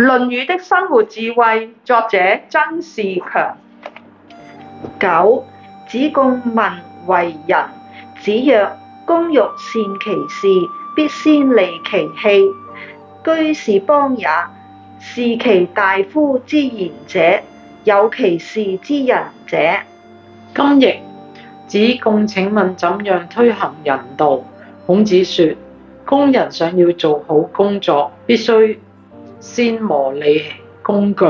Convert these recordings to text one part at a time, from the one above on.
《論語》的生活智慧，作者曾仕強。強九，子貢問為人，子曰：工欲善其事，必先利其器。居是邦也，事其大夫之賢者，有其事之仁者。今亦子貢請問怎樣推行仁道？孔子說：工人想要做好工作，必須，先磨利工具，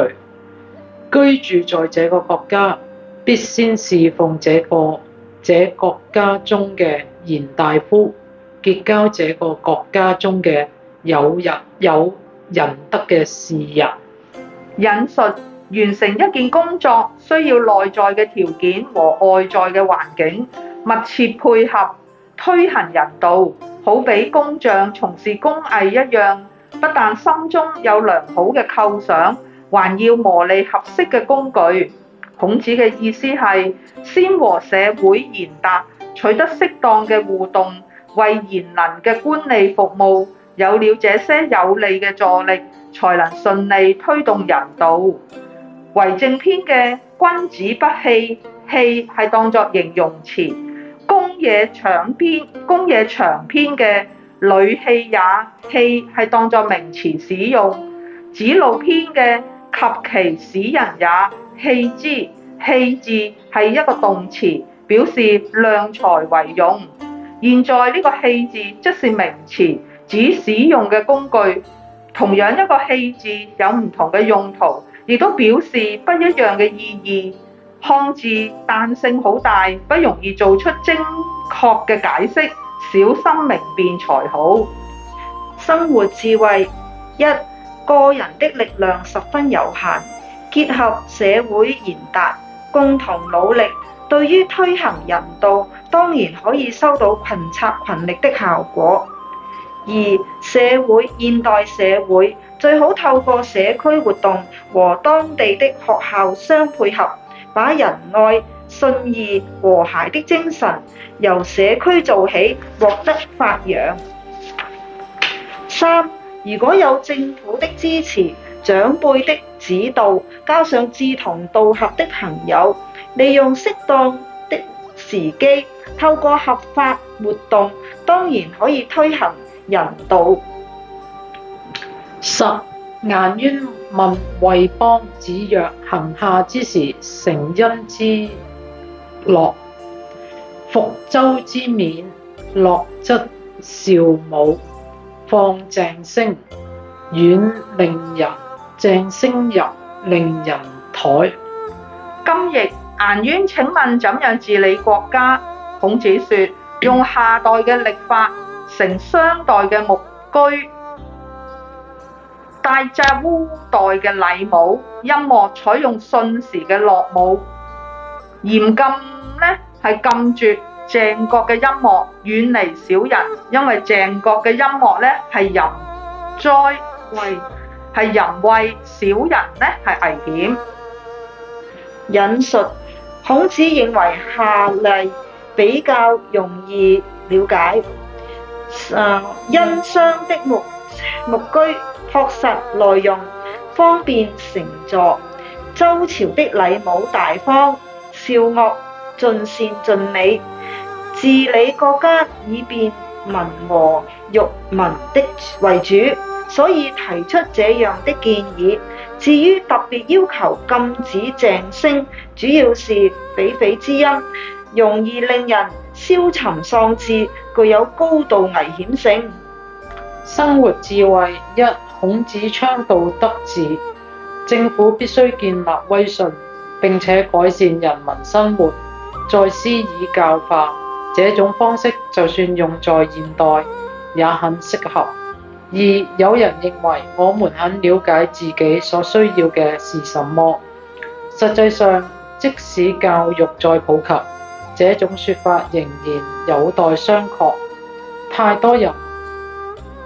居住在這個國家，必先侍奉這個這國家中嘅賢大夫，結交這個國家中嘅有仁有仁德嘅士。人。人人引述完成一件工作，需要內在嘅條件和外在嘅環境密切配合，推行人道，好比工匠從事工藝一樣。不但心中有良好嘅構想，還要磨利合適嘅工具。孔子嘅意思係先和社會賢達，取得適當嘅互動，為賢能嘅官吏服務。有了這些有利嘅助力，才能順利推動人道。為政篇嘅君子不器，器係當作形容詞。公冶長篇，公冶長篇嘅。女器也，器係當作名詞使用。子路篇嘅及其使人也器之，器字係一個動詞，表示量才為用。現在呢個器字即是名詞，指使用嘅工具。同樣一個器字有唔同嘅用途，亦都表示不一樣嘅意義。漢字彈性好大，不容易做出精確嘅解釋。小心明辨才好。生活智慧，一個人的力量十分有限，結合社會賢達，共同努力，對於推行人道，當然可以收到群策群力的效果。二，社會，現代社會最好透過社區活動和當地的學校相配合，把仁愛。信義和諧的精神由社區做起，獲得發揚。三，如果有政府的支持、長輩的指導，加上志同道合的朋友，利用適當的時機，透過合法活動，當然可以推行人道。十顏淵問為邦，子曰：行夏之時，乘殷之。樂，服周之冕。樂則韶舞，放鄭聲，遠令人；鄭聲入令人台。今翼顏淵，銀銀請問怎樣治理國家？孔子說：用夏代嘅曆法，成商代嘅木居，戴着烏代嘅禮帽，音樂採用舜時嘅樂舞。嚴禁咧係禁絕鄭國嘅音樂，遠離小人，因為鄭國嘅音樂咧係淫災危，係淫穢小人咧係危險。引述孔子認為夏禮比較容易了解。啊，殷商的木木居樸實耐用，方便乘坐；周朝的禮帽大方。調惡，盡善盡美，治理國家以便民和育民的為主，所以提出這樣的建議。至於特別要求禁止鄭聲，主要是靡靡之音，容易令人消沉喪志，具有高度危險性。生活智慧一，孔子倡導德治，政府必須建立威信。並且改善人民生活，再施以教化，這種方式就算用在現代也很適合。而有人認為我們很了解自己所需要嘅是什麼，實際上即使教育再普及，這種說法仍然有待商榷。太多人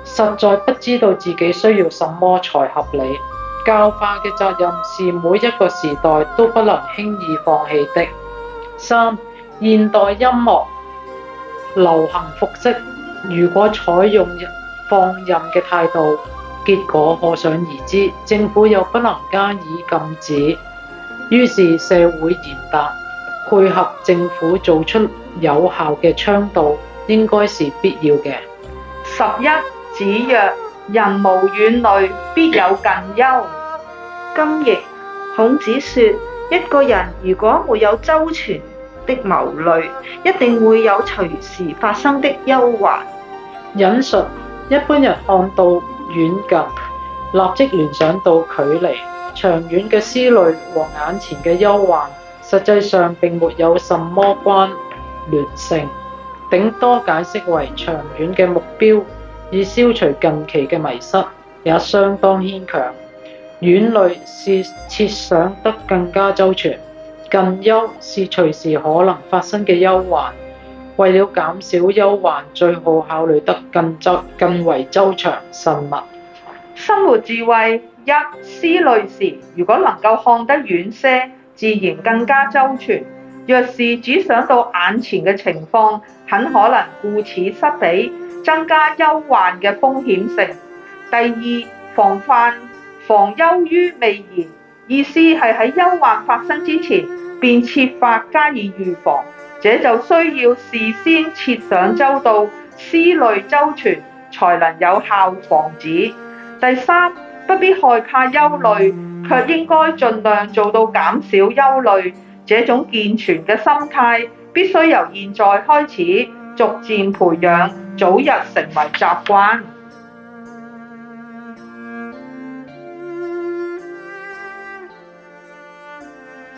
實在不知道自己需要什麼才合理。教化嘅責任是每一個時代都不能輕易放棄的。三現代音樂流行服飾，如果採用放任嘅態度，結果可想而知。政府又不能加以禁止，於是社會賢達配合政府做出有效嘅倡導，應該是必要嘅。十一子曰。人無遠慮，必有近憂。今譯：孔子說，一個人如果沒有周全的謀慮，一定會有隨時發生的憂患。引述：一般人看到遠近，立即聯想到距離，長遠嘅思慮和眼前嘅憂患，實際上並冇什麼關聯性，頂多解釋為長遠嘅目標。以消除近期嘅迷失，也相當牽強。遠慮是設想得更加周全，近憂是隨時可能發生嘅憂患。為了減少憂患，最好考慮得更周、更為周詳、慎密。生活智慧一：思慮時，如果能夠看得遠些，自然更加周全。若是只想到眼前嘅情況，很可能顧此失彼，增加憂患嘅風險性。第二，防範，防憂於未然，意思係喺憂患發生之前，便設法加以預防。這就需要事先設想周到、思慮周全，才能有效防止。第三，不必害怕憂慮，卻應該盡量做到減少憂慮。這種健全嘅心態必須由現在開始，逐漸培養，早日成為習慣。